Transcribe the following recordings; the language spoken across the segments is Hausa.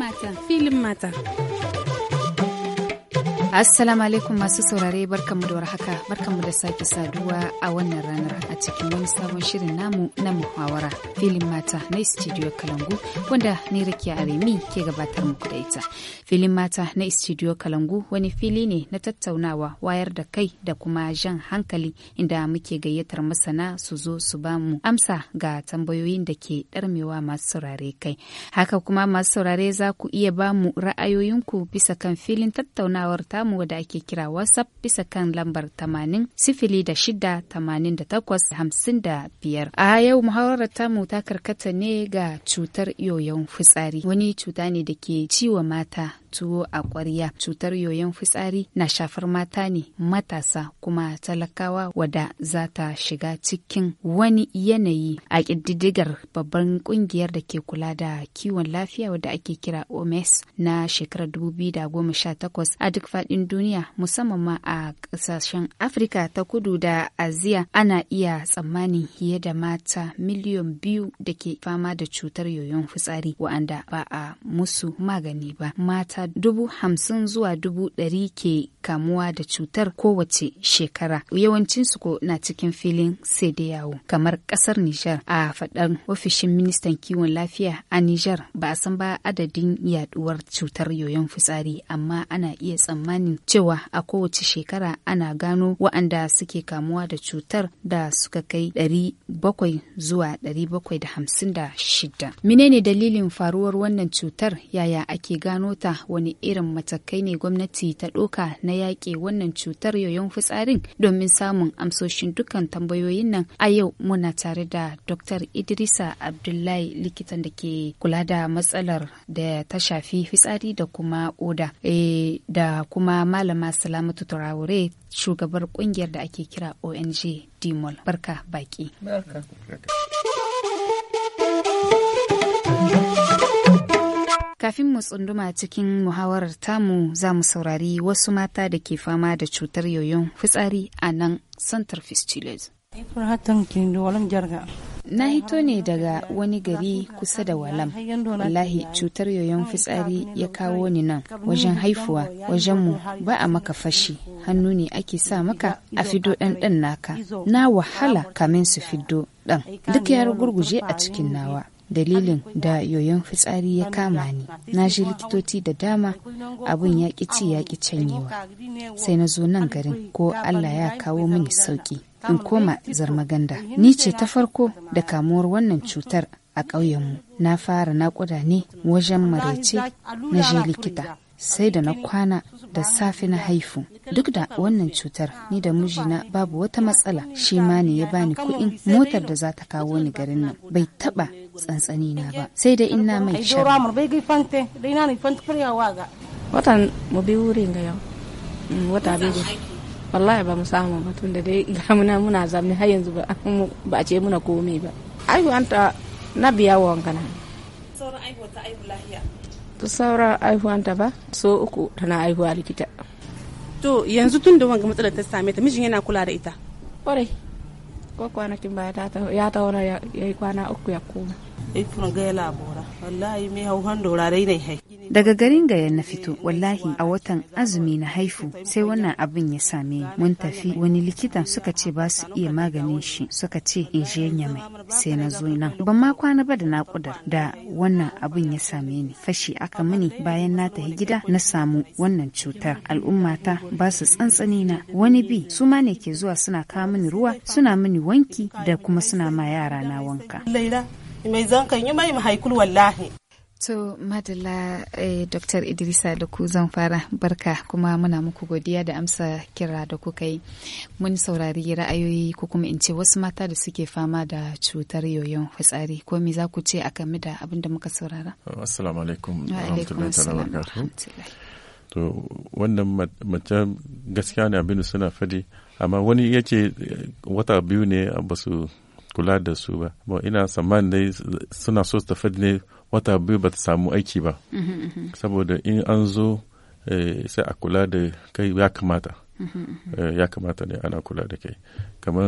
filin filin mata Assalamu alaikum masu saurare barkanmu da warhaka barkanmu da sake saduwa a wannan ranar a cikin wani sabon shirin namu na muhawara filin mata na studio Kalangu wanda ni Rakiya Arimi ke gabatar muku da ita. Filin mata na studio Kalangu wani fili ne na tattaunawa wayar da kai da kuma jan hankali inda muke gayyatar masana su zo su ba mu amsa ga tambayoyin da ke ɗarmewa masu saurare kai. Haka kuma masu saurare za ku iya ba mu ra'ayoyinku bisa kan filin tattaunawar tamu mu da ake kira WhatsApp bisa kan lambar 80 sifili da shida da hamsin da biyar. A yau muhawarar tamu ta karkata ne ga cutar yoyon fitsari wani cuta ne da ke ciwa mata tuwo a ƙwarya cutar yoyon fitsari na shafar mata ne matasa kuma talakawa wada za ta shiga cikin wani yanayi a ƙididdigar babban ƙungiyar da ke kula da kiwon lafiya wadda ake kira omes na shekarar 2018 a duk faɗin duniya musamman ma a ƙasashen afirka ta kudu da aziya ana iya tsammanin fiye da mata miliyan biyu da ke fama da cutar yoyon fitsari wa'anda ba a musu magani ba mata dubu hamsin zuwa dubu ɗari ke kamuwa da cutar kowace shekara yawancin su ko na cikin filin sai da yawo kamar kasar Nijar a faɗar ofishin ministan kiwon lafiya a Nijar ba a san ba adadin yaduwar cutar yoyon fitsari amma ana iya tsammanin cewa a kowace shekara ana gano wa'anda suke kamuwa da cutar da suka kai bakwai zuwa bakwai da da hamsin shida Menene dalilin faruwar wannan cutar yaya ake gano ta wani irin matakai ne gwamnati ta ɗoka na yaƙi wannan cutar yoyon fitsarin domin samun amsoshin dukkan tambayoyin nan a yau muna tare da dr idrisa abdullahi likitan da ke kula da matsalar da ta shafi fitsari da kuma oda eh, da kuma malama salamatu turawure shugabar kungiyar da ake kira ong dimol barka baki barka. Kafin mu tsunduma cikin muhawarar tamu za mu saurari wasu mata da ke fama da cutar yoyon fitsari a nan Santar Fistulas. Na hito ne daga wani gari kusa da walam. Wallahi cutar yoyon fitsari ya kawo ni nan wajen haifuwa wajenmu ba a maka fashi hannu ne ake sa maka a fido ɗan naka. Na wahala kamin su fido ɗan duk ya gurguje a cikin nawa. dalilin da yoyon fitsari ya kama ni na ji likitoci da dama abun ya ci ya canyewa sai na zo nan garin ko allah ya kawo mini sauki in koma zarmaganda ni ce ta farko da kamuwar wannan cutar a ƙauyenmu na fara naƙuda ne wajen marece na je likita sai da na kwana da safe na haifu duk da wannan cutar ni da mijina babu wata matsala shi ma ne ya bani kuɗin motar da za ta kawo ni garin nan bai taɓa tsantsani na ba sai da ina mai shara watan mu bi wurin ga yau mm, wata biyu wallahi ba mu samu ba tunda dai ga muna muna zamni har yanzu ba ba ce muna komai ba aihu anta na biya wa wankana sauran aihu ta aihu lahiya to sauran aihu ta ba so uku tana aihuwa likita to yanzu tun da wanga matsalar ta same ta mijin yana kula da ita kwarai ko kwanakin baya ta ya tauna ya yi kwana uku ya koma daga garin gaya na fito wallahi a watan azumi na haifu sai wannan abin ya same ni mun tafi wani likitan suka ce ba su iya maganin shi suka ce in je mai sai na zo nan ban ma kwana ba da nakuda da wannan abin ya same ni fashi aka mini bayan na tafi gida na samu wannan cutar al'ummata ba su tsantsani na wani bi su ma ne ke zuwa suna kawo mini ruwa suna mini wanki da kuma suna ma yara na wanka mai zankan yi mai mahaikul wallahi To Madala eh, Dr. Idrisa da ku zan fara barka kuma muna muku godiya da amsa kira da kuka yi. Mun saurari ra'ayoyi ko kuma in ce wasu mata da suke fama da cutar yoyon fitsari ko me za ku ce a game da abin da muka saurara? Assalamu alaikum. Wa To wannan mace gaskiya ne abin suna fadi amma wani yake eh, wata biyu ne a basu kula da su ba ba ina tsammanin dai suna so su tafi ne wata biyu ba ta samu aiki ba mhm, mhm. saboda in an zo eh, sai a kula da kai ya kamata mhm, eh, ya kamata ne ana kula da kai kamar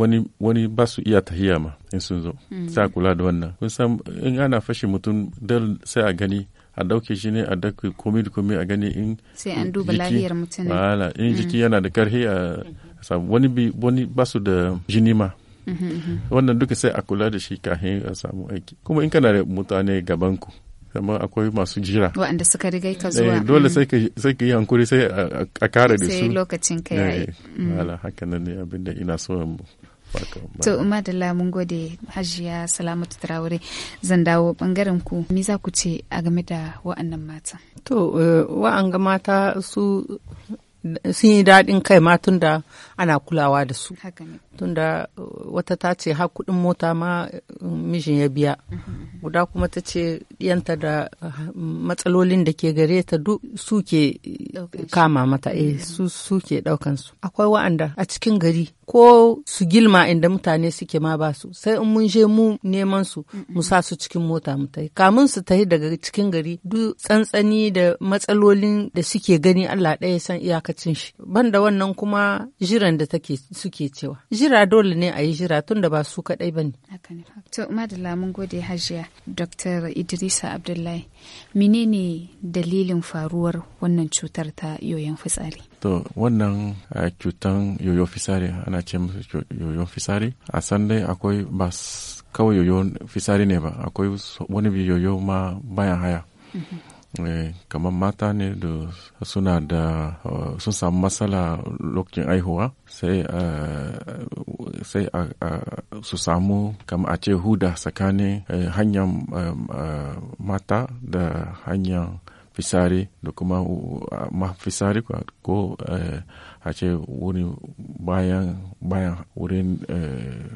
wani wani ba su iya tahiya ma in sun zo sai a kula da wannan kun san in ana fashe mutum dal sai a gani a dauke shi ne a dauke komi da komi a gani in sai an duba lafiyar mutum ne in jiki yana da karhe a wani ba su da jini ma wannan duka sai a kula da shi kafin a samu aiki kuma in kana da mutane gaban ku amma akwai masu jira waɗanda suka riga ka zuwa eh, dole mm. sai ka yi hankuri sai a kare da su sai lokacin ka yayi eh, mm. wala haka nan ne abinda ina so to da lamun gode hajiya salamatu traore zan dawo bangaren ku me za ku ce a game da wa'annan mata to eh, wa'anga mata su sun yi daɗin kai ma tun da ana kulawa da su tun da uh, wata ta ce har kuɗin mota ma uh, mijin ya biya mhm, mhm, mhm. guda kuma ta ce ɗiyanta da uh, matsalolin da ke gare ta duk su ke kama mata eh, su ke ɗaukansu. akwai wa'anda a cikin gari ko su gilma inda mutane suke ma ba su sai in mun je mu neman su mu sa su cikin mota mu tai kamun su tai daga cikin gari duk tsantsani da matsalolin da suke gani Allah ɗaya san iyakacin shi banda wannan kuma jiran da take suke cewa jira dole ne a yi jira tun da ba su kaɗai ba ne. to madalla mun gode hajiya dr idrisa abdullahi menene dalilin faruwar wannan cutar ta yoyon fitsari. to wannan cutan yoyo fisari ana ce musu yoyo fisari a san dai akwai ba kawai yoyo fisari ne ba akwai wani bi yoyo ma bayan haya mm-hmm. eh, kamar mata ne da suna da sun samu matsala lokacin aihuwa sai su samu kamar a ce huda tsakanin eh, hanyar eh, mata da hanyar fisari da kuma uh, uh, mafisari ko eh, a ce wuri bayan bayan wurin eh,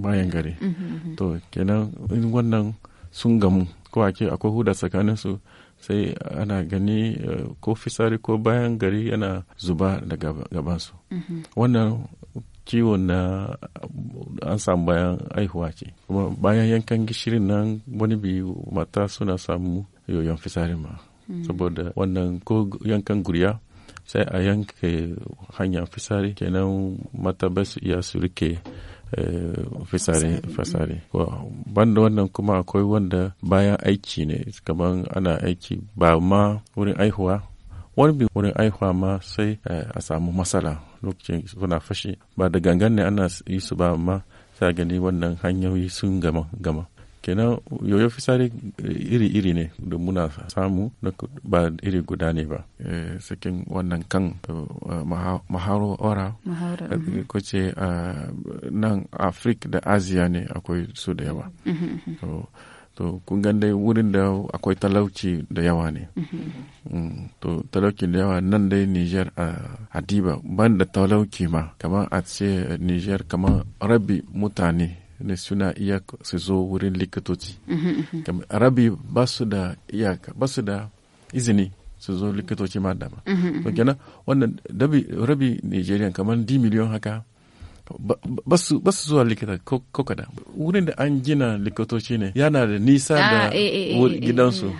bayan gari mm-hmm, mm-hmm. to kenan in wannan sun gamu ko ake akwai huda tsakaninsu sai ana gani eh, ko fisari ko bayan gari yana zuba daga gabansu mm-hmm. wannan ciwo na an samu bayan aihuwa ce kuma bayan yankan gishirin nan wani biyu mata suna samu yoyon fitsarin ma saboda wannan ko yankan guriya sai a yanke hanyar fitsari kenan mata ba su iya su rike eh, fasare fasare banda wannan kuma akwai wanda bayan aiki ne kamar ana aiki ba ma wurin aihuwa wani bi wurin aihuwa ma sai eh, a samu matsala lokacin suna fashi ba da gangan ne ana yi su ba ma sai gani wannan hanyoyi sun gama gama kenan yoyo fisari iri-iri ne da muna samu ba iri guda ne ba eh, sakin wannan kan eh, maharora ko eh, mm-hmm. ce nan afirka da asiya ne akwai su da yawa mm-hmm, mm-hmm. to kun gan dai wurin da akwai talauci da yawa ne mm, to talauci da yawa nan dai niger a hadiba ban da talauci ma kamar a ce niger kamar rabi mutane ne suna iya su zo wurin likitoci mhm, mhm. rabi ba su da iyaka ba su da izini su zo likitoci ma dama mhm, to kenan wannan rabi nigerian kamar d miliyon haka ba su zuwa likita ko kada wurin da an gina likitoci ne yana da nisa ah, da eh, eh, eh, gidansu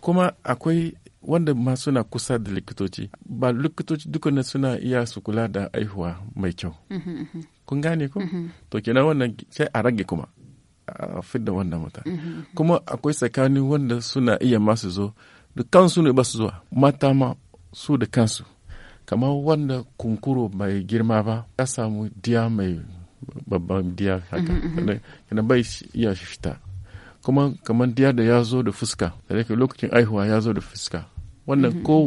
kuma akwai wanda ma suna kusa da likitoci ba likitoci duka suna iya su kula da aihuwa mai kyau kun gane ko mm-hmm. to kenan wannan sai a rage kuma a fidda wannan mutane mm-hmm, mm-hmm. kuma akwai tsakanin wanda suna iya masu zo da kansu ne ba su zuwa mata ma su da kansu kamar wanda kunkuro mai girma ba ya samu diya mai babban diya haka yana bai iya fita kuma kamar diya da ya zo da fuska da lokacin aihuwa ya zo da fuska wannan ko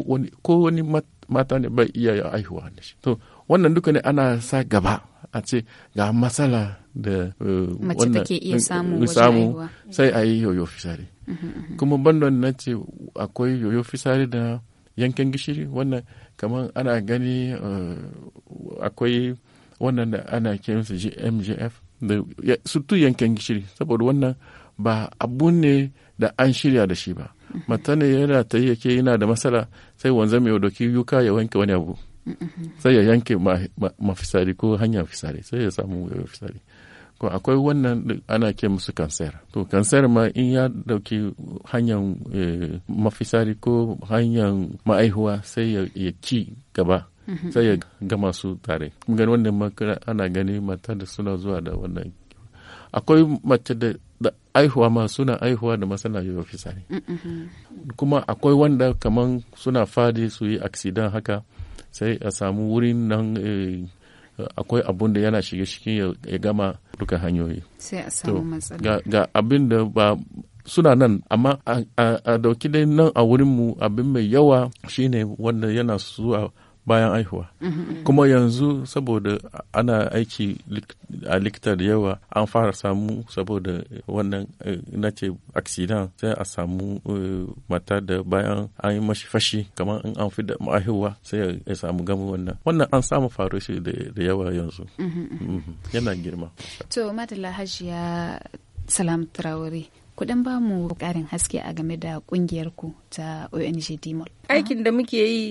wani mata ne bai iya aihuwa to wannan duka ne ana sa gaba a ce ga matsala da eh, mace take iya eh, samu eh, sai a yi yoyo fisari kuma bandon na ce akwai yoyo fisari da yankin gishiri wannan kamar ana gani akwai wannan da ana kiransa mgf da sutu yankin gishiri saboda wannan ba abu ne da an shirya da shi ba mata yana ta yake yana da matsala sai wanzan mai doki yuka ya wanke wani abu sai ya yanke mafisari ko hanyar fisari sai ya samu fisari ko akwai wannan ana ke musu kansar to kansar ma in ya dauki hanyar eh, mafisari ko hanyar ma'aihuwa sai ya ci gaba mhm. sai ya gama su tare gani wannan ana gani mata da suna zuwa da wannan akwai mace da da aihuwa ma suna aihuwa da masana yi fisari mm-hmm. kuma akwai wanda kaman suna fadi su yi aksidan haka sai a samu wurin nan eh, akwai abun da yana shige cikin ya gama duka hanyoyi sai a samu matsala ga abin da ba suna nan amma a dauki dai nan a wurinmu abin mai yawa shine wanda yana zuwa bayan aihuwa kuma yanzu saboda ana aiki a likita da yawa an fara samu saboda wannan eh, na ce aksidan sai a samu eh, mata da bayan an yi mashi fashi kamar in an fi da aihuwa sai ya samu gamu wannan wannan an samu faru shi da yawa yanzu mhm. yana girma to madalla hajiya salam traore kudan ba mu karin haske a game da kungiyar ku ta ONG Dimol. Aikin da muke yi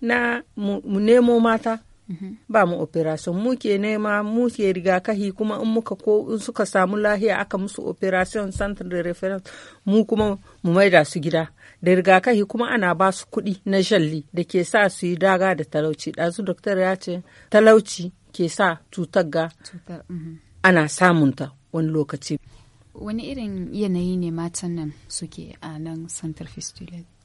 na mu nemo mata mhm. ba mu operation mu nema mu ke rigakahi kuma in muka ko in suka samu lahiya aka musu operation center da reference mu kuma mu maida su gida da rigakahi kuma ana ba su kuɗi na jalli da ke sa su yi daga da talauci ɗazu doktor ya ce talauci ke sa cutar ga mhm. ana samunta wani lokaci wani irin yanayi ne matan nan suke a nan center fistulate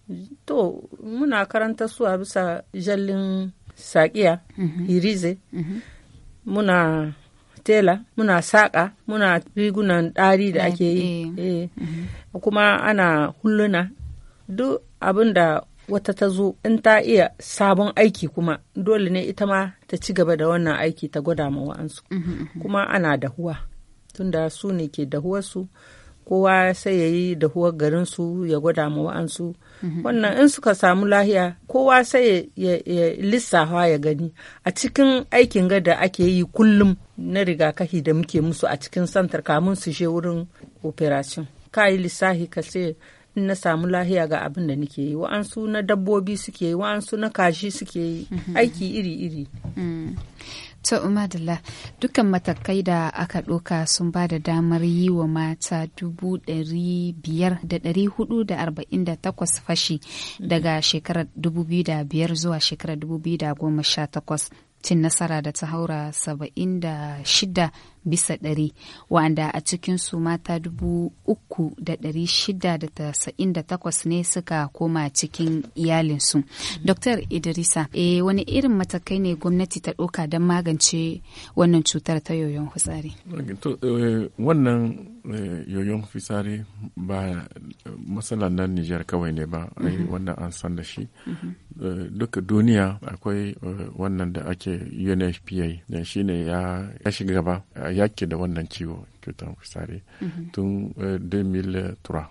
to muna karanta su a bisa jallin saƙiya mhm. irize mhm. muna tela muna saƙa muna rigunan ɗari da ake yi eh. Eh. Mhm. kuma ana hulluna duk abin da wata ta zo in ta iya sabon aiki kuma dole ne ita ma ta ci gaba da wannan aiki ta gwada ma wa'ansu kuma ana dahuwa tunda su ne ke dahuwarsu kowa sai ya yi dahuwar garinsu ya gwada ma wa'ansu Mm-hmm. wannan in suka samu lahiya kowa sai ya lissafa ya gani a cikin aikin gada ake yi kullum na rigakafi da muke musu a cikin santar kamun su je wurin operation ka yi lissafi ka sai in na samu lahiya ga abin da nake yi wa'ansu na dabbobi suke yi wa'ansu na kashi suke yi mm-hmm. aiki iri-iri mm. To Umadullah dukkan matakai da aka ɗoka sun ba da damar yi wa mata dubu ɗari biyar da ɗari hudu da arba'in da takwas fashi daga shekarar dubu biyu da biyar zuwa shekarar dubu biyu da goma sha takwas cin nasara da ta haura saba'in da shida bisa ɗari wa'anda a cikinsu mata dubu uku da ɗari shida da tasa'in da takwas ne suka koma cikin iyalinsu. Dr. Idrisa, e, wani irin matakai ne gwamnati ta ɗauka don magance wannan cutar ta yoyon fitsari? Eh, wannan eh, yoyon fitsari ba matsala nan Nijar kawai ne ba, mhm. wannan an san da shi. Mhm. Duka duniya akwai wannan da ake UNFPA, shi ne ya shiga gaba yake da wannan ciwo cutar kusare mhm. tun 2003 eh,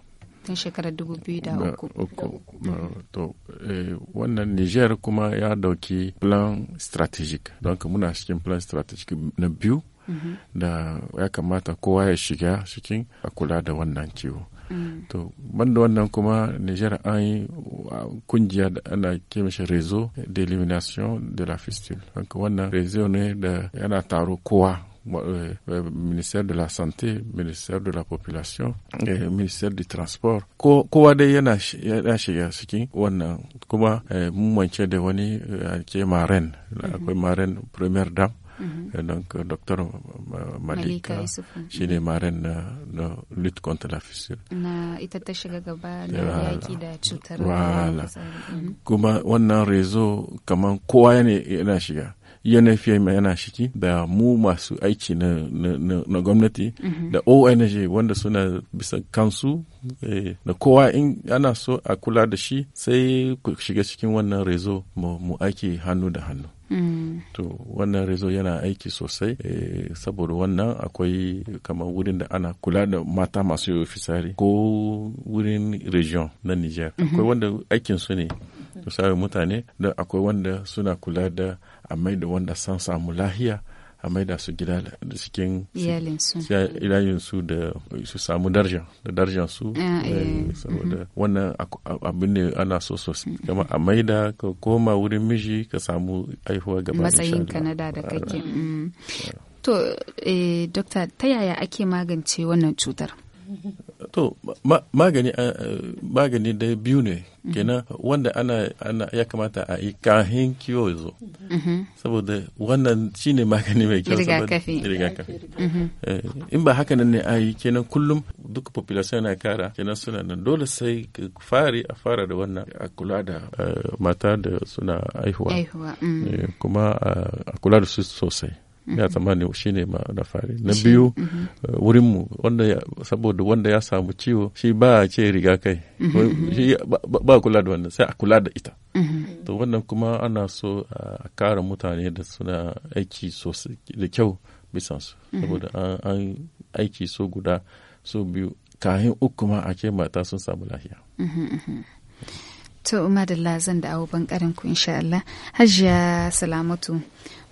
tun shekarar 2003 to eh, wannan niger kuma ya dauki plan strategic don muna cikin plan strategic na biyu mhm. da ya kamata kowa ya shiga cikin a kula da wannan ciwo mm. to banda wannan kuma niger an yi kungiya da ana kemishi rezo de elimination de la fistule wannan rezo ne da yana taro kowa le euh, euh, ministère de la santé ministère de la population et ministère du transport ko kowa dai yana shiga cikin wannan kuma eh, mun wance da wani ake eh, maren akwai mhm. maren Première Dame, mhm. eh, donc euh, docteur malika mhm. shi ne maren na, na lutte contre la fissure na ita ta shiga gaba na yaki da cutar wala kuma wannan rezo kamar kowa yana shiga UNFPA yana shiki da mu masu aiki na, na, na, na gwamnati mm -hmm. da ONG wanda suna bisa kansu eh, da kowa in ana so a kula da shi sai ku shiga cikin wannan rezo mu, mu aiki hannu da hannu. Mm. To wannan rezo yana aiki sosai e, saboda wannan akwai kamar wurin da ana kula da mata masu ofisari. ko wurin region na Niger. Mm Akwai mhm. wanda aikin su ne to mutane da akwai wanda suna kula da mai da wanda san samu lahiya a da su gida da cikin su da su samu darja da darjan su ah, eh, eh, mm-hmm. saboda wannan abin ne ana so sosai kama a da ka koma wurin miji ka samu aihuwa gaba matsayin kanada da kake ah. mm. to eh, dokta ta yaya ake magance wannan cutar to magani eh, magani da biyu ne kenan wanda ana ya kamata a yi kahin kiwo zo mm-hmm. saboda wannan shine magani mai kyau saboda rigakafi mm-hmm. eh, in ba haka nan ne a yi kenan kullum duk population na kara kenan suna nan dole sai fari a fara da wannan a kula da eh, mata da suna aihuwa mm. kuma a kula da su sosai ya mhm. tsammani shi ne na fari na biyu mhm. eh, wurinmu wanda saboda wanda ya samu ciwo shi ba a ce riga kai mhm, ba kula da wannan sai a kula da ita to wannan kuma ana so a kara mutane da suna aiki sosai da kyau bisansu saboda an aiki so guda so biyu kahin uku ma a ce mata sun samu lafiya to da zan da awo bankarin ku insha Allah hajiya salamatu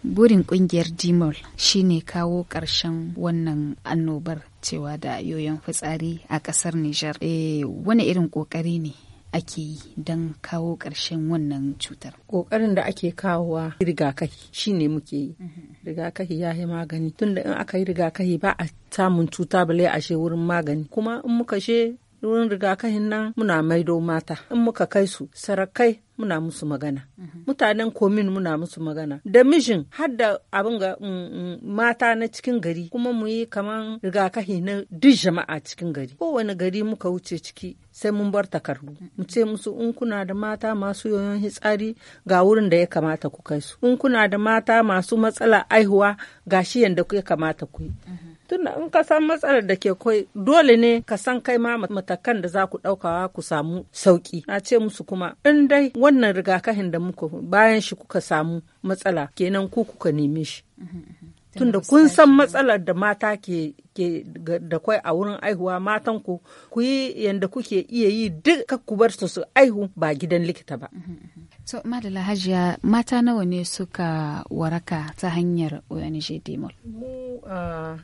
burin kungiyar dimol shine kawo ƙarshen wannan annobar cewa da yoyon fitsari a ƙasar nijar e, eh, wani irin ƙoƙari ne ake yi don kawo ƙarshen wannan cutar ƙoƙarin da ake kawowa rigakafi ne muke yi rigakafi ya yi magani tunda in aka yi rigakafi ba a samun cuta bale a wurin magani kuma in muka she wurin rigakafin nan muna maido mata in muka kai su sarakai muna musu magana mhm. mutanen komin muna musu magana da mijin har da abin ga mm, mm, mata na cikin gari kuma mu yi kaman rigakafi na duk jama'a cikin gari kowane gari muka wuce ciki sai mun bar takardu mhm. mu ce musu in kuna da mata masu yoyon hitsari ga wurin da ya kamata ku kai su in kuna da mata masu matsala aihuwa ga shi yadda ya kamata ku mhm. tunda in ka san matsalar da ke kai dole ne ka san kai ma matakan da za ku ɗaukawa ku samu sauki na ce musu kuma in dai wannan rigakafin da muku bayan shi kuka samu matsala kenan ku kuka neme shi mm-hmm. tunda kun san matsalar da mata ke ke da kwai a wurin aihuwa matan ku ku yi yanda kuke iya yi duk ku bar su su aihu ba gidan likita ba mm-hmm. So, Madala Hajiya, mata nawa ne suka waraka ta hanyar ONG Demol? Mu uh,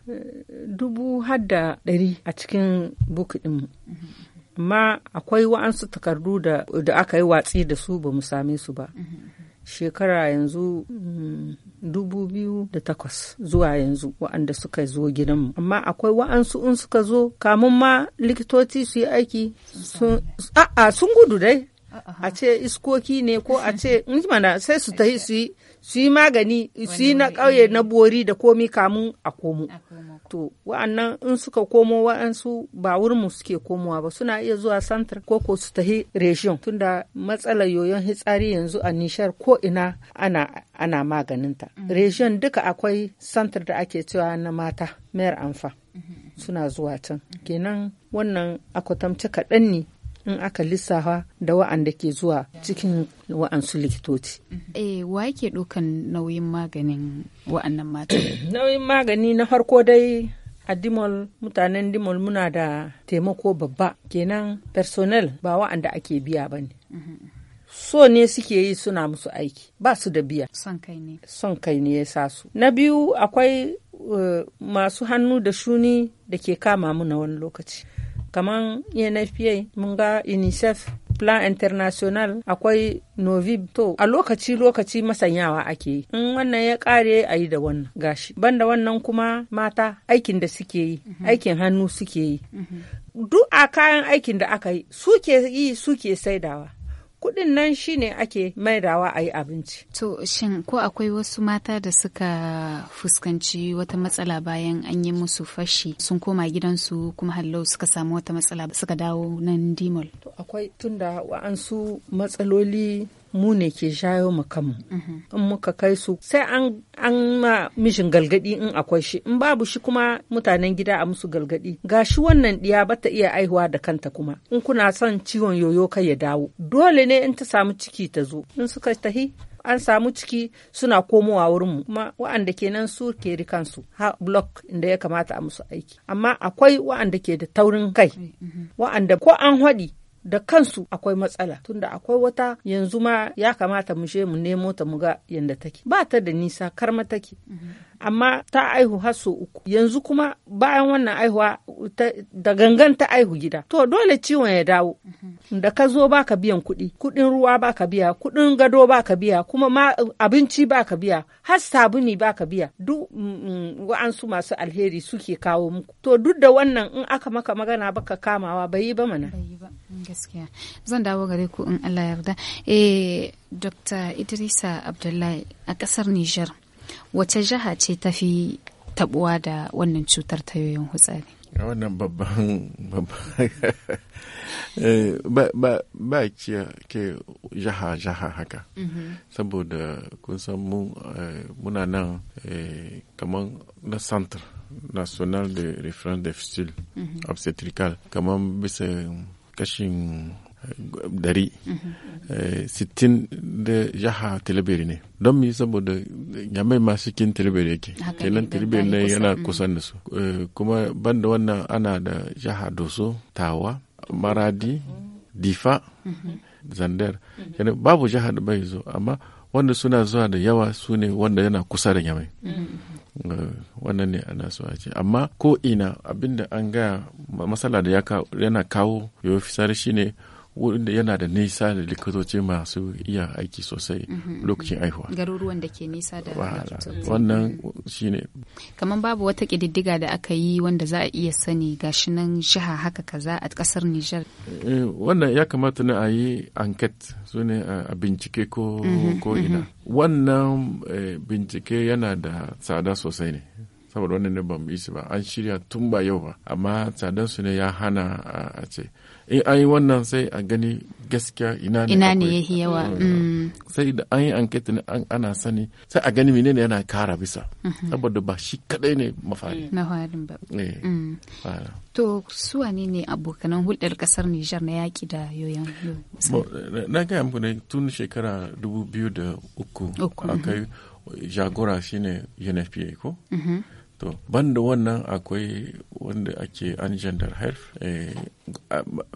dubu hadda ɗari a cikin bukidinmu. Mm-hmm. Amma akwai wa'ansu takardu da, aka yi watsi da su ba mu same su ba. Mm-hmm. Shekara yanzu mm, dubu biyu da takwas zuwa yanzu wa'anda suka zo gidanmu. Amma akwai wa'ansu in suka zo kamun ma likitoci su yi aiki sun gudu dai. a ce iskoki ne ko a ce mana sai su tahi su yi magani su yi na ƙauye na bori da komi kamun a komo to wa'annan in suka komo wa'ansu ba wurinmu suke komowa ba suna iya zuwa santar ko ko su tahi reshiyon tunda matsalar yoyon hitsari yanzu a nishar ko ina ana maganinta mm. reshiyon duka akwai santar da ake cewa na mata mayar amfa mm-hmm. suna zuwa can kenan wannan akwatamci kaɗan ne in aka lissafa da wa'anda ke zuwa cikin wa'ansu likitoci. Eh wa yake ɗaukan nauyin maganin wa'annan mata? Nauyin magani na farko dai a dimol mutanen dimol muna da taimako babba kenan personnel ba wa'anda ake biya ba ne. so ne suke yi suna musu aiki ba su da biya son kai ne ya sa su na biyu akwai eh, masu hannu da shuni da ke kama mu na wani lokaci kaman UNFPA mun ga UNICEF plan international akwai novib to a lokaci lokaci masanyawa ake yi in wannan ya kare a yi da wannan gashi banda wannan kuma mata aikin da suke yi mhm. aikin hannu suke yi mhm. duk a kayan aikin da aka yi suke yi suke saidawa kuɗin nan shi ne ake maidawa a yi abinci. To shin ko akwai wasu mata da suka fuskanci wata matsala bayan an yi musu fashi sun koma gidansu kuma hallau suka samu wata matsala suka dawo nan dimol? To akwai tunda wa'ansu matsaloli mu ne ke shayo mu kanmu mhm. in muka kai su sai an an ma mishin galgadi in akwai shi in babu shi kuma mutanen gida a musu galgadi Ga shi wannan diya ta iya aihuwa da kanta kuma in kuna son ciwon yoyo kai ya dawo dole ne in ta samu ciki ta zo in suka tahi an samu ciki suna komowa wurinmu kuma wa'anda kenan su ke rikansu ha block inda ya kamata a musu aiki amma akwai wa'anda ke da taurin kai mhm. wa'anda ko an haɗi da kansu akwai matsala tunda akwai wata yanzu ma ya kamata mu je mu nemo ta mu ga yanda take ba ta da nisa karma take mhm. amma ta aihu har so uku yanzu kuma bayan wannan aihuwa da gangan ta aihu gida to dole ciwon ya dawo da ka zo baka biyan kuɗi kuɗin ruwa baka biya kuɗin gado baka biya kuma ma abinci baka biya har sabuni baka biya duk mm, mm, wa'ansu masu alheri suke kawo muku to duk da wannan in aka maka magana baka kamawa bai yi ba mana mm, gaskiya zan dawo gare ku in Allah yarda eh Dr. Idrisa Abdullahi a kasar Nijar wace jiha ce ta fi tabuwa da wannan cutar ta tayoyin hutsari wannan babban eh, ba ke jaha-jaha haka mhm. saboda kun san eh, muna nan eh, kamar na centre national de reference de fistule mhm. obstetrical kamar bisa kashin dari eh, sittin da jiha tilibiri ne don mi saboda yamai masu kin tilibiri yake kenan tilibiri ne yana mm. kusan da su eh, kuma banda wannan ana da jiha doso tawa maradi difa zandar babu jiha da bai zo amma wanda suna zuwa da yawa su ne wanda yana kusa da yamai mm. eh, wannan ne ana so a ce amma ko ina abinda an gaya matsala da yana kawo yofi shi ne wanda yana da nisa da likitoci masu iya aiki sosai mhm, lokacin mhm. aihuwa garuruwan da ke nisa da wannan shine kamar babu wata ƙididdiga da aka yi wanda za a iya sani gashi nan jiha haka kaza a ƙasar Nijar eh, wannan ya kamata na ayi yi anket su ne a bincike ko mhm, ina wannan eh, bincike yana da tsada sosai ne saboda wannan ne ban bi su ba an shirya tun ba yau ba amma tsadan su ne ya hana a ce in an yi wannan sai a gani gaskiya ina ne ina ne yahi yawa mm. Mm. sai da an yi anketa ne ana sani sai a gani menene yana kara bisa mm-hmm. saboda ba shi kadai ne mafari na harin eh. mm. ba to su wane ne abokanan hulɗar kasar Niger na yaki da yoyon na ga muku ne tun shekara dubu biyu da uku mm-hmm. yi jagora shine UNFPA ko mm-hmm. to banda wannan akwai wanda ake an gender health eh,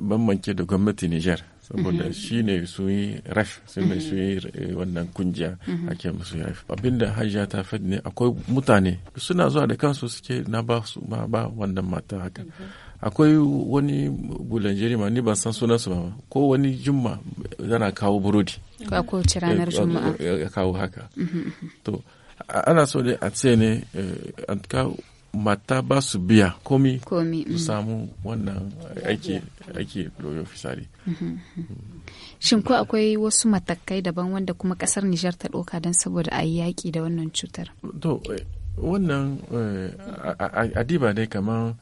bambance da gwamnati niger saboda mm-hmm. shi ne su yi ref su ne su yi eh, wannan kungiya mm-hmm. ake musu ref abinda hajiya ta fadi ne akwai mutane suna zuwa da kansu suke na ba su ba ba wannan mata haka mm-hmm. akwai wani bulanjeri ma ni ban san sunansu ba ko wani jumma yana kawo burodi ko ranar eh, jumma'a kawo haka to ana so dai a ce ne eh, a ka mata ba su biya komi su mm. samu wannan ake loyo fisari mm-hmm, mm-hmm. shin ko akwai wasu matakai daban wanda kuma kasar nijar ta doka don saboda a yi yaƙi da wannan cutar to eh, wannan eh, adiba dai kamar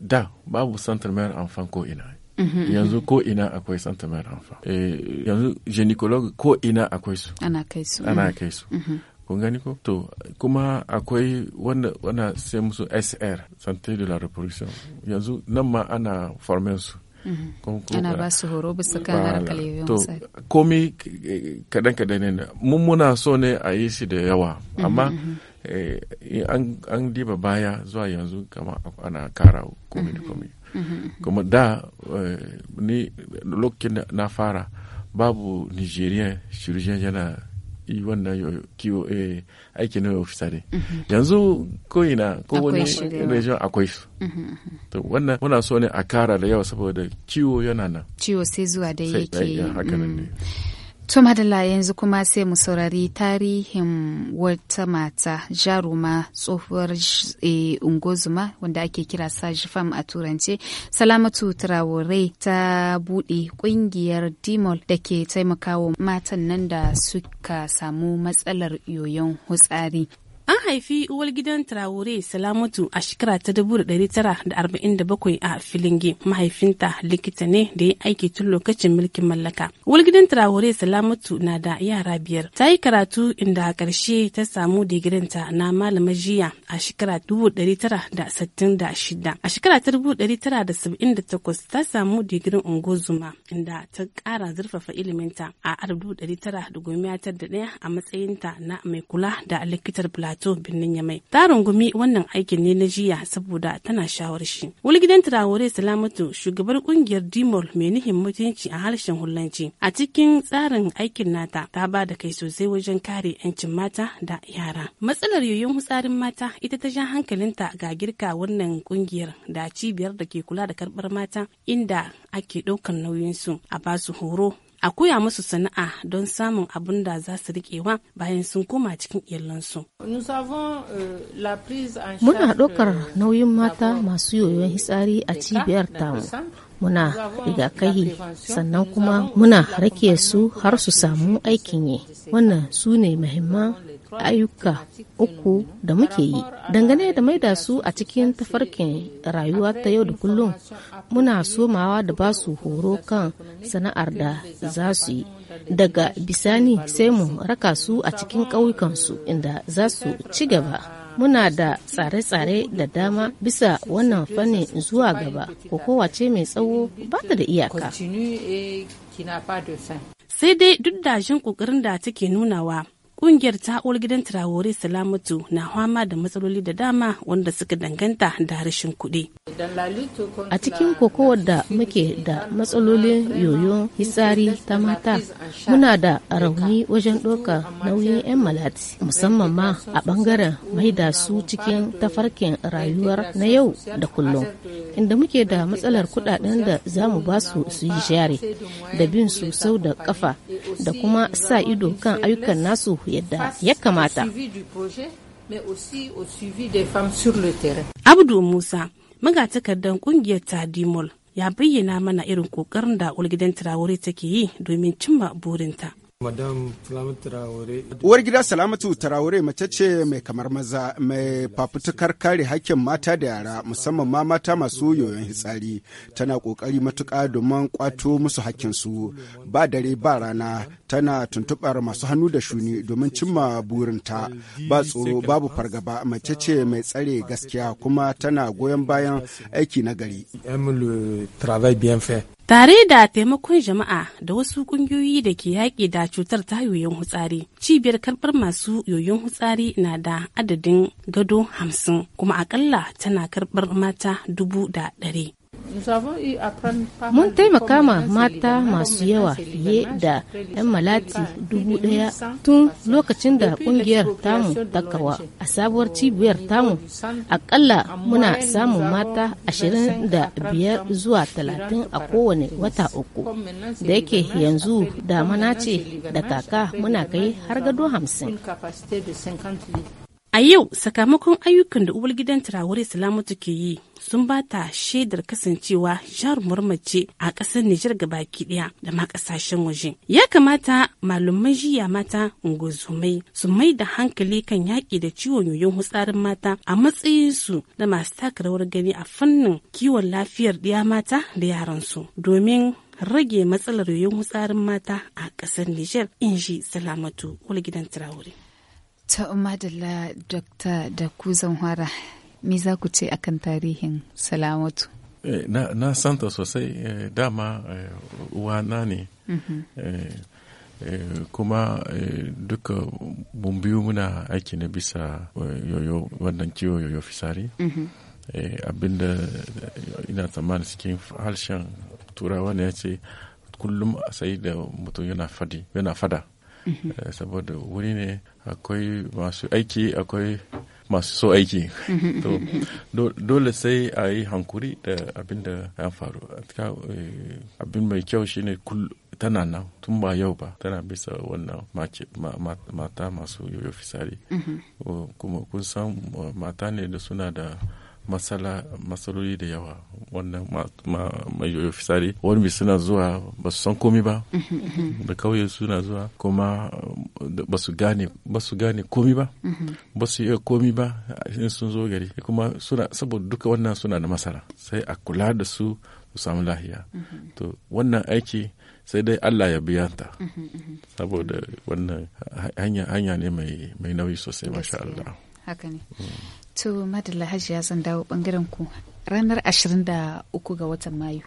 da babu santar mayar amfan ko ina mm-hmm, yanzu ko ina akwai santa mayar ramfa yanzu gynecologue ko ina akwai su ana kai su kun gani ko to kuma akwai wanda wana sai musu sr santé de la reproduction yanzu nan ma ana formen su mm-hmm. ana ba su horo bisa kan harkar to komi kadan kadan ne mun muna so ne a yi shi da yawa mm-hmm, amma mm-hmm. Eh, an diba baya zuwa yanzu kama ana kara komi da komi kuma da eh, ni lokacin na fara babu nigeria chirurgien yana wannan kiwo aiki na ofisa ne mhm. yanzu ko ina ko wani region akwai su mhm, mhm. to wannan muna so ne a kara da yawa saboda kiwo yana nan ciwo sai zuwa da yake ne mm. To madalla yanzu kuma sai mu saurari tarihin wata mata jaruma tsohuwar eh, ungozuma wanda ake kira sajifam a turance salamatu traore ta buɗe ƙungiyar dimol da ke taimakawa matan nan da suka samu matsalar yoyon hutsari An haifi uwar gidan Traore Salamatu a shekara ta 1947 a Filinge. Mahaifinta likita ne da ya aiki tun lokacin mulkin mallaka. Uwar gidan Traore Salamatu na da yara biyar. Ta yi karatu inda a ƙarshe ta samu digirinta na malamar jiya a shekara 1966. A shekara ta 1978 ta samu digirin Ungozuma inda ta ƙara zurfafa iliminta a da 1991 a matsayinta na mai kula da likitar Plateau. wato birnin yamai ta rungumi wannan aikin ne na jiya saboda tana shawar shi gidan traore salamatu shugabar kungiyar dimol mai nihin mutunci a harshen hullanci a cikin tsarin aikin nata ta ba da kai sosai wajen kare 'yancin mata da yara matsalar yoyon hutsarin mata ita ta ja hankalinta ga girka wannan kungiyar da cibiyar da ke kula da karbar mata inda ake ɗaukar nauyinsu a basu horo a koya musu sana'a don samun abin da za su riƙewa bayan sun koma cikin iyalansu. Euh, Muna ɗaukar euh, nauyin mata masu yoyon hitsari a cibiyar tamu muna rigakahi sannan kuma muna rake su har su samu aikin yi wannan su ne muhimman ayyuka uku da muke yi dangane da maida su a cikin tafarkin rayuwa ta yau da kullum muna somawa da ba su horo kan sana'ar da za su yi daga bisani sai mu raka su a cikin ƙauyukansu inda za su ci gaba muna da tsare-tsare da dama bisa wannan fannin zuwa gaba ko kowace mai tsawo ba ta da iyaka sai dai duk da jin kokarin da take nunawa Ƙungiyar ta uwar gidan tirawore Salamatu na fama da matsaloli da dama wanda suka danganta da rashin kuɗi. A cikin kokowa da muke da matsalolin yoyo hitsari ta mata muna da rauni wajen ɗauka nauyin 'yan malati musamman ma a ɓangaren mai da su cikin tafarkin rayuwar na yau da kullum. inda muke da matsalar kudaden da za mu ba su su yi share da bin su sau da kafa da kuma sa ido kan ayyukan nasu yadda ya kamata. Abdu Musa, magatakardan kungiyar Tadimol, ya bayyana mana irin kokarin da Ulgidan Traore take yi domin cimma burinta. Uwar gida Salamatu Traore mace ce mai kamar maza mai fafutukar kare hakkin mata da yara musamman ma mata masu yoyon hitsari tana kokari matuka domin kwato musu hakkinsu ba dare ba rana tana tuntubar masu hannu da shuni domin cimma burinta ba tsoro babu fargaba mace ce mai tsare gaskiya kuma tana goyon bayan aiki na gari. Tare da taimakon jama'a da wasu kungiyoyi da ke yaƙi da cutar ta yoyon hutsari, cibiyar karɓar masu yoyon hutsari na da adadin gado hamsin kuma akalla tana karɓar mata dubu da ɗari. Mun taimaka ma mata masu yawa fiye da 'yan malati dubu daya tun lokacin da kungiyar tamu ta kawa a sabuwar cibiyar tamu akalla muna samun mata ashirin da biyar zuwa talatin a kowane wata uku da yake yanzu da mana ce da kaka muna kai har gado hamsin. A yau sakamakon ayyukan da uwar gidan Traore Salamatu ke yi sun ba ta shaidar kasancewa jarumar mace a ƙasar Nijar ga baki ɗaya da ma ƙasashen waje. Ya kamata malaman jiya mata ungozumai su mai da hankali kan yaƙi da ciwon yoyon hutsarin mata a matsayinsu da masu taka rawar gani a fannin kiwon lafiyar ɗiya mata da yaransu domin rage matsalar yoyon hutsarin mata a ƙasar Nijar in ji Salamatu gidan Traore. ta umadala dokta da ku zanwara me za ku ce akan tarihin salamatu eh, na, santa sosai eh, dama eh, uwana ne mm-hmm. kuma duka mun biyu muna aiki na bisa yoyo wannan ciwo yoyo fisari mm-hmm. abinda ina tsammanin cikin harshen turawa ne ya ce kullum sai da mutum yana fada Uhuh. Eh, saboda wuri ne akwai masu aiki akwai masu so aiki uhuh. to dole sai a yi hankuri da abin da ya faru eh, abin mai kyau shine tana nan tun ba yau ba tana bisa wannan mata masu yoyo fisari uhuh. oh, kuma kun san oh, mata ne da suna da matsaloli da yawa wannan mai fisari wani bi suna zuwa ba su san komi ba mhm. da kauye suna zuwa kuma ba su gane komi ba mhm. ba su iya komi ba in sun zo gari kuma suna saboda duka wannan suna da masara sai a kula da su su samu lahiya mhm. to wannan aiki sai dai Allah ya biyanta. ta saboda wannan hanya ne mai nauyi sosai masha Allah to madalla hajiya zan dawo bangaren ku ranar 23 ga watan mayu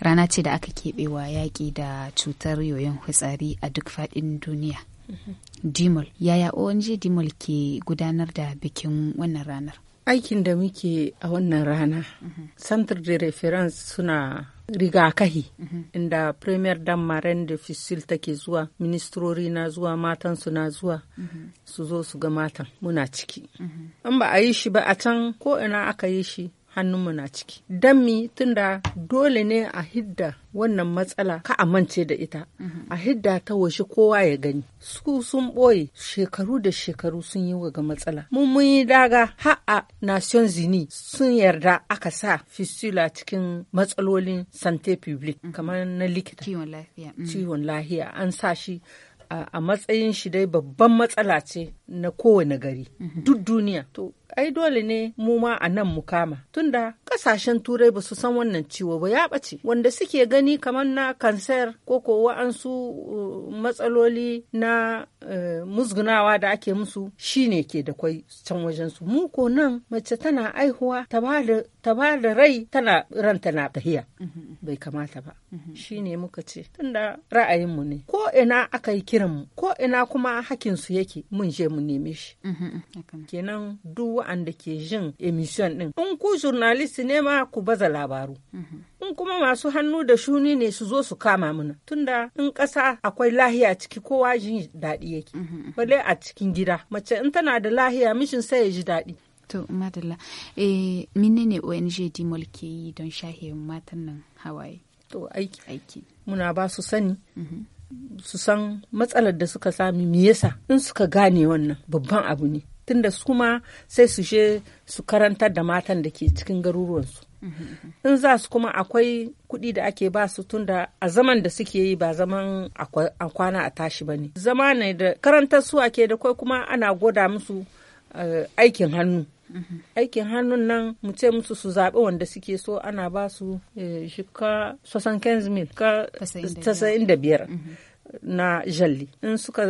rana ce da aka keɓewa yaƙi da cutar yoyon fitsari a duk faɗin duniya mhm. dimol yaya ong dimol ke gudanar da bikin wannan ranar aikin da muke a wannan rana mm da center de reference suna rigakahi mhm. inda premier dan maren da fisil take zuwa ministrori na zuwa matansu na zuwa mhm. su zo su ga matan muna ciki mhm. in ba a yi shi ba a can ko ina aka yi shi hannunmu na ciki. Don mi tunda dole ne a hidda wannan matsala ka amince da ita, mhm. a hidda ta washe kowa ya gani. Su sun ɓoye shekaru da shekaru sun yi ga matsala. Mun mun yi daga ha'a Nation Zini sun yarda aka sa fistula cikin matsalolin sante public mhm. kamar na likita. Mhm. Ciwon lafiya. an sa shi a matsayin shi dai babban matsala ce na kowane gari duk duniya. To ai dole ne mu ma a nan mu kama tunda kasashen turai ba su san wannan ciwo ba ya ɓace wanda suke gani kamar na kanser ko ko wa'ansu uh, matsaloli na uh, musgunawa da ake musu shine ke da kwai can wajen su mu ko nan mace tana aihuwa ta ba da rai tana ranta na tahiya bai kamata ba shine muka ce tunda ra'ayinmu ne ko ina aka yi kiran mu. ko ina kuma hakinsu yake mun je mu neme shi mm-hmm, mm-hmm. kenan duk waɗanda ke jin emission ɗin in ku journalist ne ma ku baza labaru in kuma masu hannu da shuni ne su zo su kama mana tunda in ƙasa akwai lahiya ciki kowa ji daɗi yake bale a cikin gida mace in tana da lahiya mishin sai ya ji daɗi to madalla eh ne ONG Dimol ke yi don shahe matan nan Hawaii? to aiki aiki muna ba su sani mhm. su san matsalar da suka sami me yasa in suka gane wannan babban abu ne tunda su ma sai su je su karantar da matan da ke cikin garuruwansu in za su kuma akwai kuɗi da ake ba su tunda a zaman da suke yi ba zaman a kwana a tashi ba ne zama ne da karantar su ake da kai kuma ana gwada musu eh, aikin hannu aikin hannun nan mu ce musu su zaɓi wanda suke so ana ba su eh, shika kensmil ka 95 na jalli in suka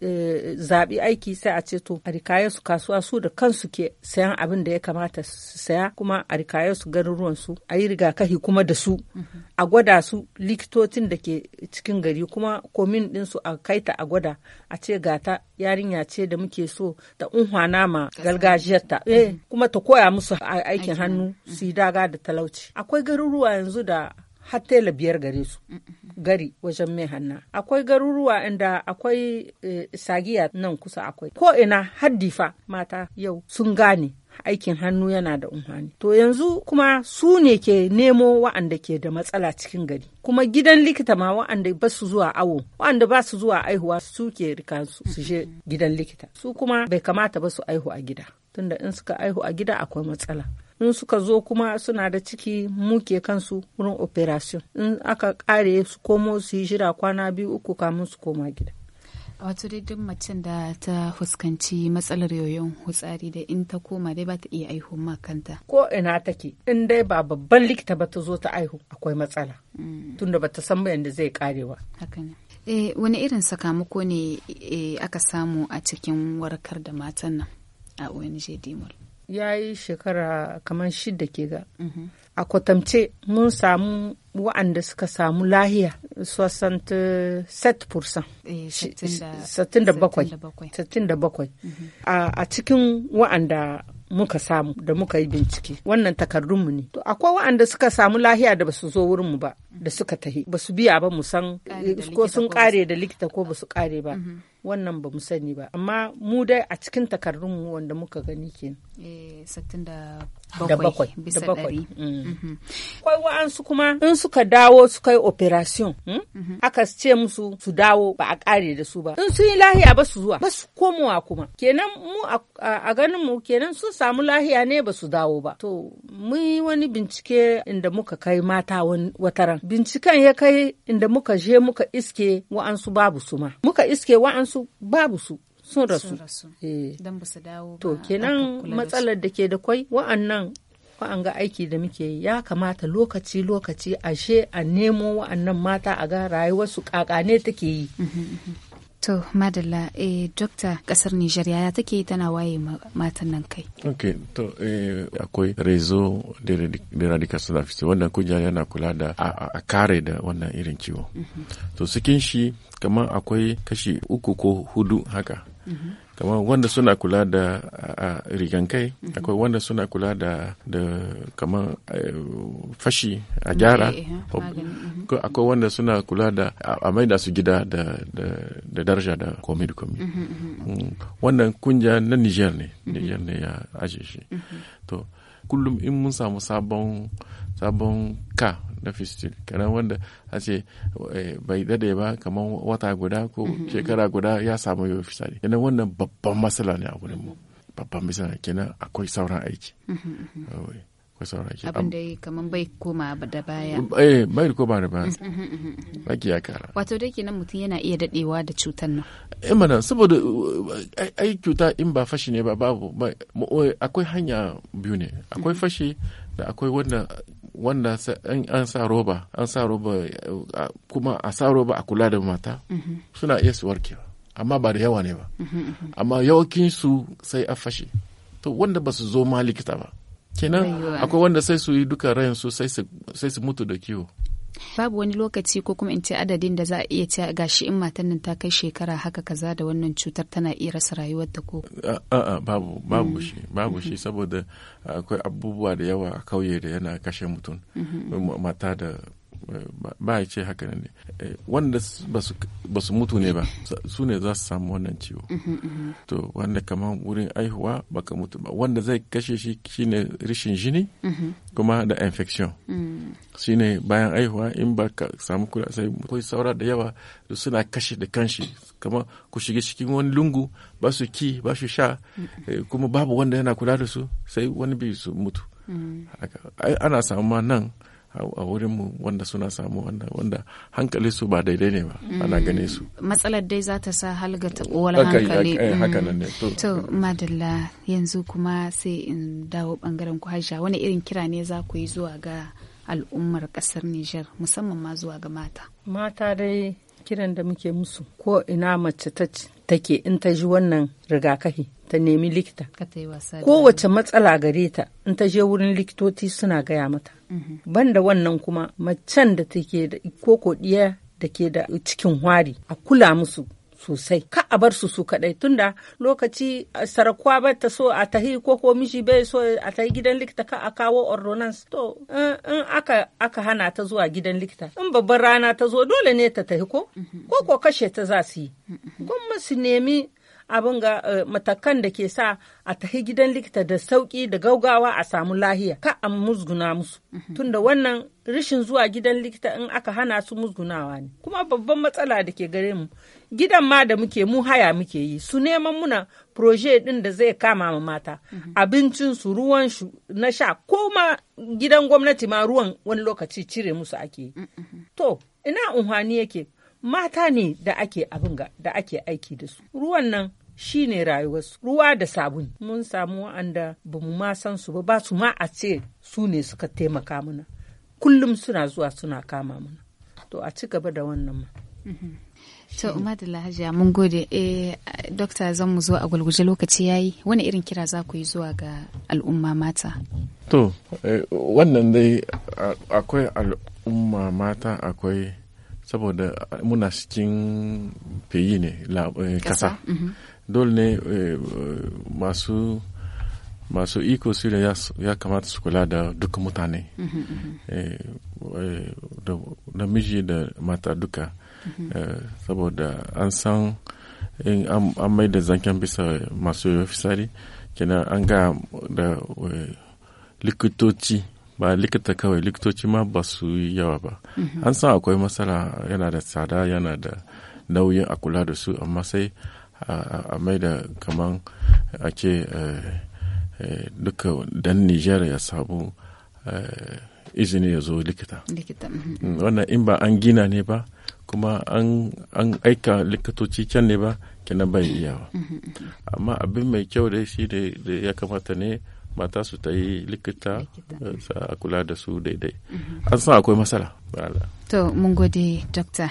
Eh, zaɓi aiki sai a ce to a rikaye su kasuwa su da kansu ke sayan abin da ya kamata su saya kuma a rikaye su garuruwan su a yi rigakafi kuma da su a gwada su likitocin da ke cikin gari kuma komin din su a kaita a gwada a ce gata yarinya ce da muke so ta unhwana nama gargajiyarta ta eh, kuma ta koya musu aikin hannu su yi daga da talauci akwai garuruwa yanzu da har tela biyar gare su gari wajen mai hanna akwai garuruwa inda akwai eh, sagiya nan kusa akwai ko ina haddifa mata yau sun gane aikin hannu yana da umarni to yanzu kuma su ne ke nemo wa'anda ke da matsala cikin gari kuma gidan likita ma wa'anda ba su zuwa awo wa'anda ba su zuwa aihuwa su ke rikansu su je gidan likita su kuma bai kamata ba su aihu a gida tunda in suka aihu a gida akwai matsala in suka zo kuma suna da ciki muke kansu wurin operation in aka kare su komo su yi shira kwana biyu uku kamun su koma gida wato dai duk macen da ta fuskanci matsalar yoyon hutsari da in ta koma dai ba ta iya aihu ma kanta ko ina take in dai ba babban likita ba ta zo ta aihu akwai matsala mm. tunda ba ta san ba yadda zai karewa eh wani irin sakamako ne eh, aka samu a cikin warkar da matan nan a ONG Dimol? ya yi shekara kamar shida ke ga mm-hmm. a kwatance mun samu wa'anda suka samu lahiya 67% eh, bakwai. Mm-hmm. a cikin wa'anda muka samu da muka yi bincike wannan takardunmu ne to akwai waɗanda suka samu lahiya da basu zo wurinmu ba da suka tahi basu biya ba mu san ko sun kare da likita ko basu kare ba mm-hmm. wannan ba mu sani ba amma mu dai a cikin takardunmu wanda muka gani ke eh, kwai mm. mhm. wa'ansu kuma in suka dawo suka yi operation hmm? mhm. aka ce musu su dawo ba a ƙare da su ba in sun yi lahiya ba su zuwa ba su komowa kuma kenan mu a ganin mu kenan sun samu lahiya ne ba su dawo ba to mu yi wani bincike inda muka kai mata wataran binciken ya kai inda muka je muka iske wa'ansu babu suma. muka iske wa'ansu wasu babu su sun rasu eh. don ba su to kenan matsalar da ke da kwai wa'annan wa'anga aiki da muke yi ya kamata lokaci lokaci ashe a nemo wa'annan mata a ga rayuwarsu kakane take yi mhm, mhm. To Madalla eh dokta kasar Nijar ya take tana waye matan nan kai. ok to eh akwai rezo da radical salafist wannan kujera yana kula da a kare da wannan irin ciwo. Mhm. To cikin shi kamar akwai kashi uku ko hudu haka. Mhm. kamar wanda suna kula da rigan kai akwai wanda suna kula da kamar eh, fashi a gyara eh, eh, mm-hmm. akwai wanda suna kula da a maida su gida da daraja da komi da komi mm-hmm, mm-hmm. mm. wannan kunja na niger ne niger ne ya aje shi to kullum in mun samu sabon ka na fistil kenan wanda a ce eh, bai dade ba kamar wata guda ko mm-hmm. shekara guda ya samu yau fisari kenan wannan babban matsala ne a wurin mu babban matsala kenan akwai sauran aiki mm-hmm, mm-hmm. akwai sauran aiki abin da kamar bai koma da baya mm, eh bai koma da baya baki ya kara wato dai kenan mutum yana iya dadewa da cutar nan eh mana saboda eh, ai cuta in ba fashi ne ba babu eh, akwai hanya biyu ne akwai fashi da akwai wannan. wanda an sa roba an sa roba kuma a sa roba a kula da mata mm-hmm. suna iya su warkewa amma ba da yawa ne ba mm-hmm, mm-hmm. amma yawakin su sai a fashe to wanda ba su zo ma likita ba kenan akwai wanda sai su yi duka rayan su sai su mutu da kiwo babu wani lokaci ko kuma in ce adadin da za a iya ce gashi in matan nan ta kai shekara haka kaza da wannan cutar tana iya rasa rayuwarta ko a'a babu babu mm. shi babu shi mm-hmm. saboda akwai abubuwa da yawa a kauye da yana kashe mutum mm-hmm. mata da ba ya ce haka ne eh, wanda ba su mutu ne ba su ne za su samu wannan ciwo mhm, mhm. to wanda kamar wurin aihuwa baka mutu ba wanda zai kashe shi shine rishin jini mhm. kuma da infection mm. shine bayan aihuwa in ba ka samu kula sai akwai saura da yawa da suna kashe da kanshi kamar ku shiga cikin wani lungu ba su ki ba su sha eh, kuma babu wanda yana kula da su sai wani bi su mutu mm. ana samu nan a wurinmu wanda suna samu wanda wanda hankali su ba daidai ne ba ana gane su mm. matsalar dai za ta sa halga taɓowar hankali mm. to madalla yanzu kuma sai in dawo bangaren ku hajja wani irin kira ne za ku yi zuwa ga al'ummar kasar Nijar musamman ma zuwa ga mata mata dai kiran da muke musu ko ina mace ta take in ta ji wannan rigakafi ta nemi likita kowace matsala gare ta in ta je wurin likitoci suna gaya mata banda wannan kuma macen da take da koko ɗiya da ke da cikin hwari a kula musu sosai ka a bar su su kadai tunda lokaci sarakuwa ba ta so a tahi ko ko miji bai so a tahi gidan likita ka a kawo ordonance to in aka aka hana ta zuwa gidan likita in babban rana ta zo dole ne ta tahi ko mm-hmm. ko kashe ta za su yi mm-hmm. gwamma su nemi abin ga eh, matakan da ke sa a tahi gidan likita da sauki da gaugawa a samu lahiya ka a musguna musu mhm. tunda wannan rashin zuwa gidan likita in aka hana su musgunawa ne kuma babban matsala da ke gare mu gidan ma da muke mu haya muke yi su neman muna proje din da zai kama ma mata mhm. abincin su ruwan shu na sha ko ma gidan gwamnati ma ruwan wani lokaci cire musu ake to ina unhani yake mata ne da ake abin da ake aiki da su ruwan nan shi ne rayuwarsu ruwa da sabuni mun samu wa'anda ba mu ma san su ba ba su ma a ce su ne suka taimaka mana kullum suna zuwa suna kama mana to a ci gaba da wannan ma mhm. to umar da lahajiya mun gode eh dokta zan mu zo a gulguje lokaci yayi wani irin kira za ku yi zuwa ga al'umma mata to eh, wannan dai akwai al'umma mata akwai saboda muna cikin feyi ne eh, kasa mm-hmm. dole ne eh, masu masu iko su ya, kamata su kula da duka mutane mm-hmm, mm-hmm. Eh, da miji da mata duka saboda an san an mai da zanken bisa masu fisari kenan an ga da likitoci ba likita kawai likitoci ma ba su yi yawa ba mhm. an san akwai matsala yana da tsada yana da nauyin a kula da su amma sai a mai da kaman a ce eh, eh, duka dan nijar ya samu eh, izini ya zo likita mhm. mm, wannan in ba an gina ne ba kuma an aika likitoci can ne ba kina bai iyawa mhm, amma abin mai kyau dai shi da ya kamata ne mata su ta yi mm-hmm. likita eh, a kula da su daidai mm-hmm. an san akwai matsala to mun gode dokta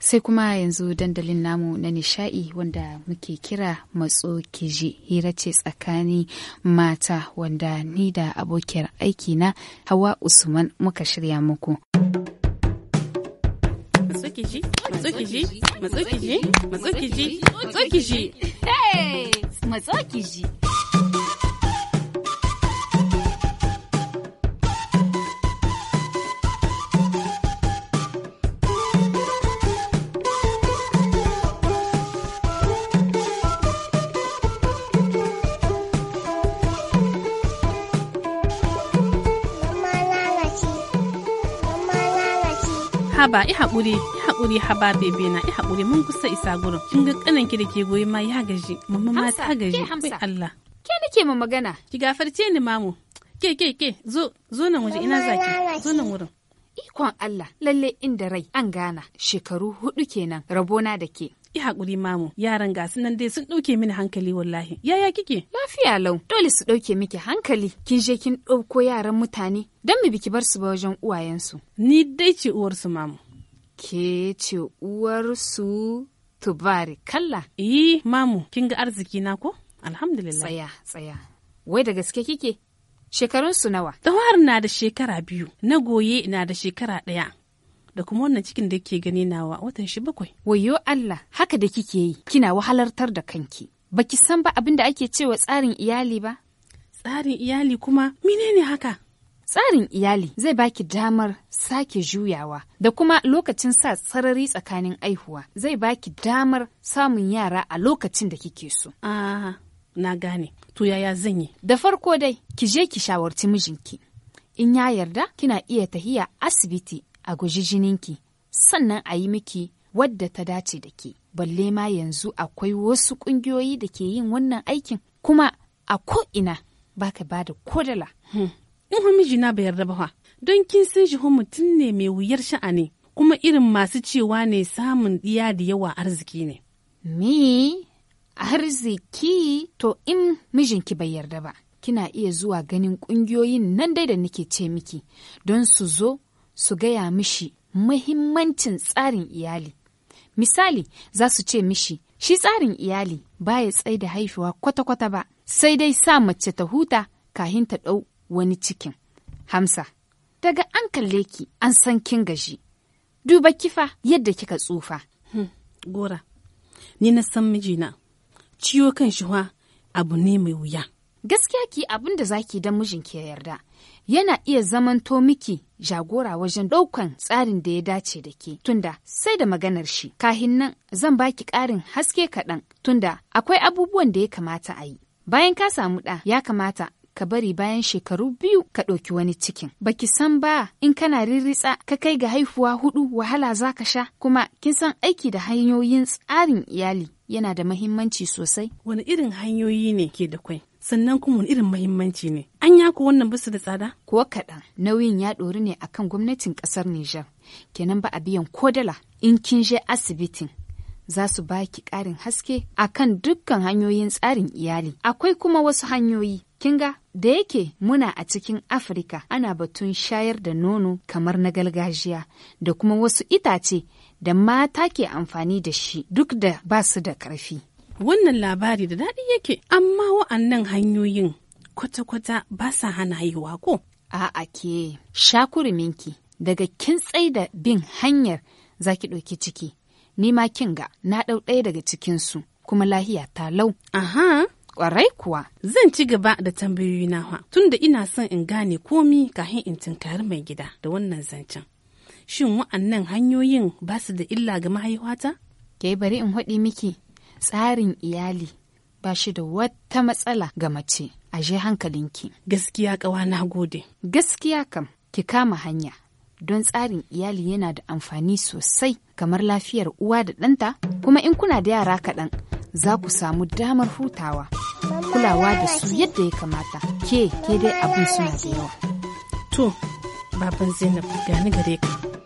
sai kuma yanzu dandalin namu na nishai wanda muke kira matso kiji hira ce tsakanin mata wanda ni da abokiyar aiki na hawa usman muka shirya muku matsukiji haba i haƙuri i haƙuri haba bebe na i haƙuri mun kusa isa gurin kin ga kanan ki da ke goyi ma ya gaji mamma ma ta gaji kai Allah ke nake ma magana ki gafarce ni mamu ke ke ke zo zo nan waje ina zaki zo nan wurin ikon Allah lalle inda rai an gana shekaru hudu kenan rabona da ke yi hakuri mamu yaran ga nan dai sun ɗauke mini hankali wallahi yaya kike lafiya lau dole su ɗauke miki hankali kin je kin ɗauko yaran mutane don mu biki bar su ba wajen uwayensu ni dai ce uwarsu mamu ke ce tubari kalla. yi mamu kin ga arziki na ko alhamdulillah tsaya tsaya wai da gaske kike shekarun su nawa tawar na da shekara biyu na goye na da shekara ɗaya da kuma wannan cikin da ke gani nawa watan shi bakwai. Wayo Allah haka da kike yi kina wahalartar da kanki. Baki san ba abin da ake cewa tsarin iyali ba? Tsarin iyali kuma menene haka? Tsarin iyali zai baki damar sake juyawa da kuma lokacin sa sarari tsakanin aihuwa zai baki damar samun yara a lokacin da kike so. Ah, na gane. To yaya zan yi? Da farko dai, ki je ki shawarci mijinki. In ya yarda, kina iya tahiya asibiti a guji jininki sannan a yi miki wadda ta dace da ke balle ma yanzu akwai wasu ƙungiyoyi da ke yin wannan aikin kuma a ko'ina ba ka ba da kodala. Hmm. In hmm. mijina na yarda ba don kin san shi mutum ne mai wuyar sha'ani kuma irin masu cewa ne samun ɗiya da yawa arziki ne. Me? Arziki? To in mijinki bai yarda ba, kina iya zuwa ganin ƙungiyoyin nan dai da nake ce miki don su zo su gaya mishi mahimmancin tsarin iyali. Misali, za su ce mishi, shi tsarin iyali ba ya tsai da haifuwa kwata-kwata ba, sai dai sa mace ta huta kahin ta ɗau wani cikin. Hamsa, daga an kalle ki an san kin gaji, duba kifa yadda kika tsufa. Hmm, gora, ni na san mijina, ciwo kan shi abu ne mai wuya. Gaskiya ki abin da zaki dan mijin ke yarda, yana iya zamanto miki jagora wajen ɗaukan tsarin da ya dace da ke tunda sai da maganar shi kahin nan zan baki ƙarin haske kaɗan tunda akwai abubuwan da ya kamata a yi bayan ka samu ɗa ya kamata ka bari bayan shekaru biyu ka ɗauki wani cikin baki san ba in kana riritsa ka kai ga haihuwa hudu wahala za ka sha kuma kin san aiki da hanyoyin tsarin iyali yana da mahimmanci sosai. Wani irin hanyoyi ne ke da kwai? sannan kuma wani irin mahimmanci ne an ya ku wannan bisa da tsada ko kaɗan nauyin ya ɗori ne akan gwamnatin ƙasar Nijar kenan ba a biyan ko dala in kin je asibitin za su baki ƙarin haske akan dukkan hanyoyin tsarin iyali akwai kuma wasu hanyoyi kinga da yake muna a cikin afirka ana batun shayar da nono kamar na gargajiya da kuma wasu itace da mata ke amfani da shi duk da ba su da ƙarfi wannan labari da daɗi yake amma wa'annan hanyoyin kwata-kwata ba sa hana haihuwa ko a'a ke ki. daga kin da bin hanyar zaki ɗauki ciki ni ma kin ga na ɗau ɗaya daga cikinsu kuma lahiya ta lau aha kwarai kuwa. Zan ci gaba da tambayoyi nawa tunda ina son in gane komi kafin in tunkari mai gida da wannan zancen. Shin wa'annan hanyoyin ba su da illa ga mahaihuwata? Ke bari in haɗi miki. tsarin iyali ba shi da wata matsala ga mace a je hankalinki. Gaskiya kawa na gode. Gaskiya kam ki kama hanya don tsarin iyali yana da amfani sosai kamar lafiyar uwa da ɗanta kuma in kuna da yara kaɗan za ku samu damar hutawa kulawa da su yadda ya kamata ke ke dai abin suna da yawa. To, baban Zainab gani gare ka.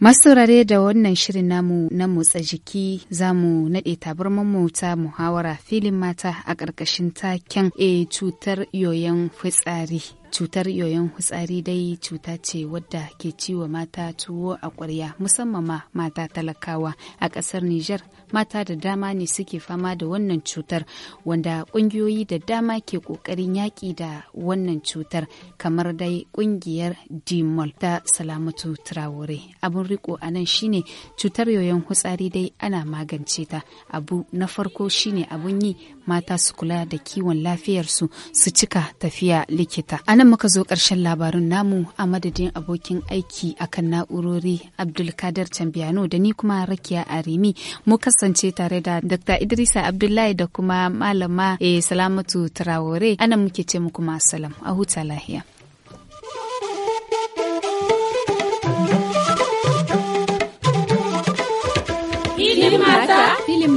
masaurare da wannan shirin namu na motsa jiki za mu naɗe tabarman mota muhawara filin mata a ƙarƙashin taken a eh, cutar yoyon fitsari cutar yoyon hutsari dai cuta ce wadda ke ciwa mata tuwo a ƙwarya musamman ma mata talakawa a ƙasar Nijar mata da dama ne suke fama da wannan cutar wanda ƙungiyoyi da dama ke ƙoƙarin yaƙi da wannan cutar kamar dai ƙungiyar dimol ta salamatu traore abun riko a nan shine cutar yoyon hutsari dai ana magance ta abu na farko shine abun yi mata su kula da kiwon lafiyarsu su cika tafiya likita nan muka zo ƙarshen labarin namu a madadin abokin aiki akan na'urori Abdulkadir Tambiyano da ni kuma Rakiya Arimi mu kasance tare da Dr. Idrisa Abdullahi da kuma Malama e Salamatu Traore anan muke ce muku salam a huta lahiya. filin mata, filin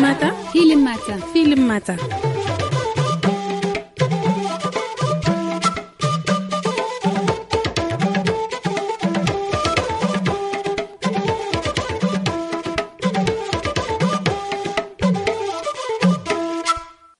mata, filin mata, filin mata.